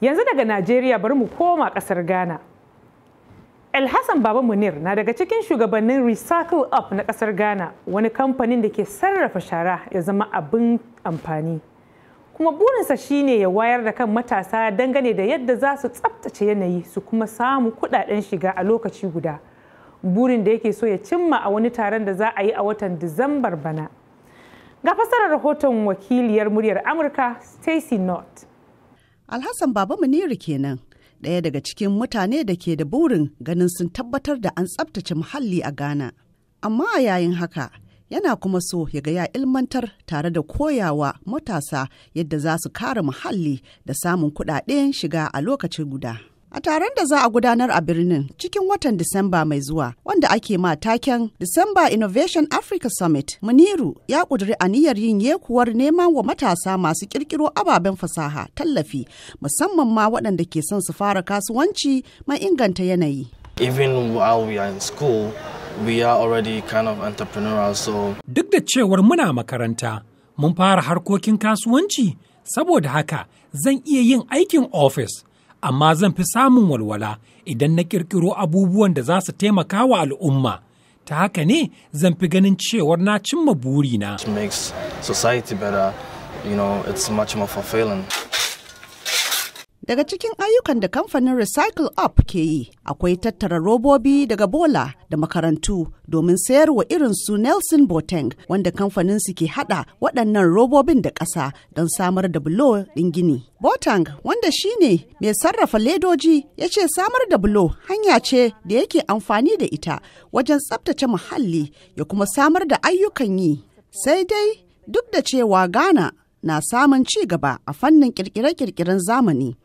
yanzu daga najeriya bari mu koma kasar ghana El-Hassan Baba Munir na daga cikin shugabannin Recycle Up na kasar Ghana, wani kamfanin da ke sarrafa shara ya zama abin amfani. Kuma burinsa shine ya wayar da kan matasa dangane da yadda za su tsabtace yanayi su kuma samu kudaden shiga a lokaci guda. Burin da yake so ya cimma a wani taron da za a yi a watan Disambar bana. Ga fassarar rahoton wakiliyar muryar Amurka, Stacy North. Alhassan Baba Muniru kenan. Ɗaya daga cikin mutane da ke da burin ganin sun tabbatar da an tsabtace muhalli a Ghana. Amma a yayin haka, yana kuma so ya ga ya ilmantar tare da koyawa matasa yadda za su kare muhalli da samun kuɗaɗen shiga a lokacin guda. a taron da za a gudanar a birnin cikin watan Disamba mai zuwa wanda ake ma taken December Innovation Africa Summit. Muniru ya ƙudiri aniyar yin yekuwar neman wa matasa masu ƙirƙiro ababen fasaha tallafi musamman ma waɗanda ke son su fara kasuwanci mai inganta yanayi. Even while we are in school, we are already kind of entrepreneurial so. Duk da cewar muna makaranta, mun fara harkokin kasuwanci saboda haka zan iya yin aikin office. amma zan fi samun walwala idan na ƙirƙiro abubuwan da za su taimaka wa al'umma. Ta haka ne zan fi ganin cewar na cimma burina. makes society better, you know, it's Daga cikin ayyukan da kamfanin Recycle Up ke yi, akwai tattara robobi daga bola da makarantu domin sayarwa irin su Nelson Boteng wanda kamfanin su ke hada waɗannan robobin da ƙasa don samar da bulo ɗin gini. Boteng wanda shi ne mai sarrafa ledoji ya ce samar da bulo hanya ce da yake amfani da ita wajen tsabtace muhalli ya kuma samar da ayyukan yi. Sai dai duk da cewa Ghana na samun ci gaba a fannin kirkire-kirkiren zamani.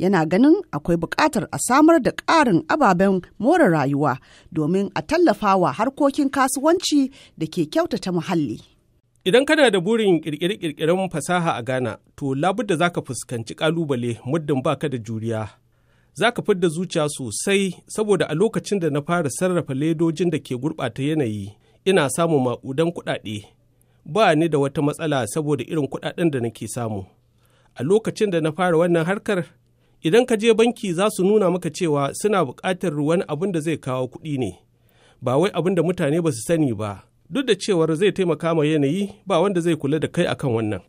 yana ganin akwai buƙatar a samar da ƙarin ababen more rayuwa domin a tallafawa harkokin kasuwanci da ke kyautata muhalli. Idan kana da burin ƙirƙire-ƙirƙiren fasaha a Ghana, to labudda za ka fuskanci ƙalubale muddin baka da juriya. Za ka fidda zuciya sosai saboda a lokacin da na fara sarrafa ledojin da ke gurɓata yanayi, ina samun maƙudan kuɗaɗe. Ba ni da wata matsala saboda irin kuɗaɗen da nake samu. A lokacin da na fara wannan harkar, Idan ka je banki za su nuna maka cewa suna buƙatar wani abin da zai kawo kuɗi ne, ba wai abin da mutane ba su sani ba, duk da cewar zai taimaka ma yanayi ba wanda zai kula da kai akan wannan.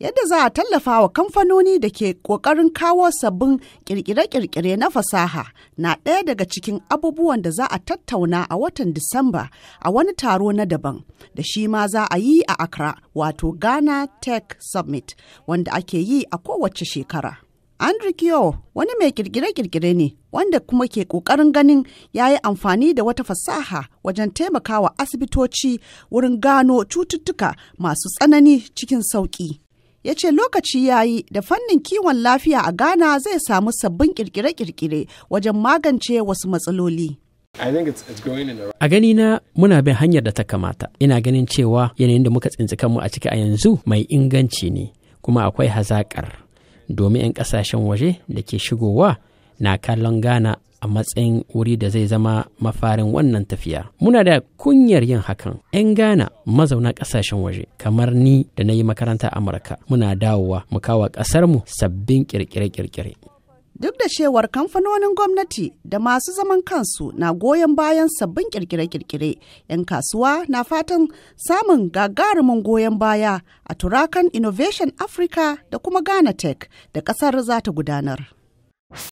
Yadda za a tallafa wa kamfanoni da ke ƙoƙarin kawo sabbin ƙirƙire-ƙirƙire na fasaha na ɗaya daga cikin abubuwan da za a tattauna a watan Disamba a wani taro na daban da shi ma za a yi a Accra wato Ghana Tech Summit wanda ake yi a kowace shekara. Andrew Kyo wani mai kirkire-kirkire ne wanda kuma ke ƙoƙarin ganin ya yi amfani da wata fasaha wajen taimakawa asibitoci wurin gano cututtuka masu tsanani cikin sauƙi. Ya ce lokaci ya yi da fannin kiwon lafiya a Ghana zai samu sabbin kirkire-kirkire wajen magance wasu matsaloli. A gani muna bin hanyar da ta kamata, ina ganin cewa yanayin da muka tsinci kanmu a ciki a yanzu mai inganci ne, kuma akwai hazaƙar. domin 'yan kasashen waje da ke shigowa na kallon ghana a matsayin wuri da zai zama mafarin wannan tafiya muna da kunyar yin hakan 'yan ghana mazauna kasashen waje kamar ni da na yi makaranta amurka muna dawowa mu kawo ƙasarmu sabbin kirkire-kirkire Duk da shewar kamfanonin gwamnati da masu zaman kansu na goyon bayan sabbin kirkire-kirkire, 'yan kasuwa na fatan samun gagarumin goyon baya a turakan Innovation Africa da kuma Ghana Tech da ƙasar za ta gudanar.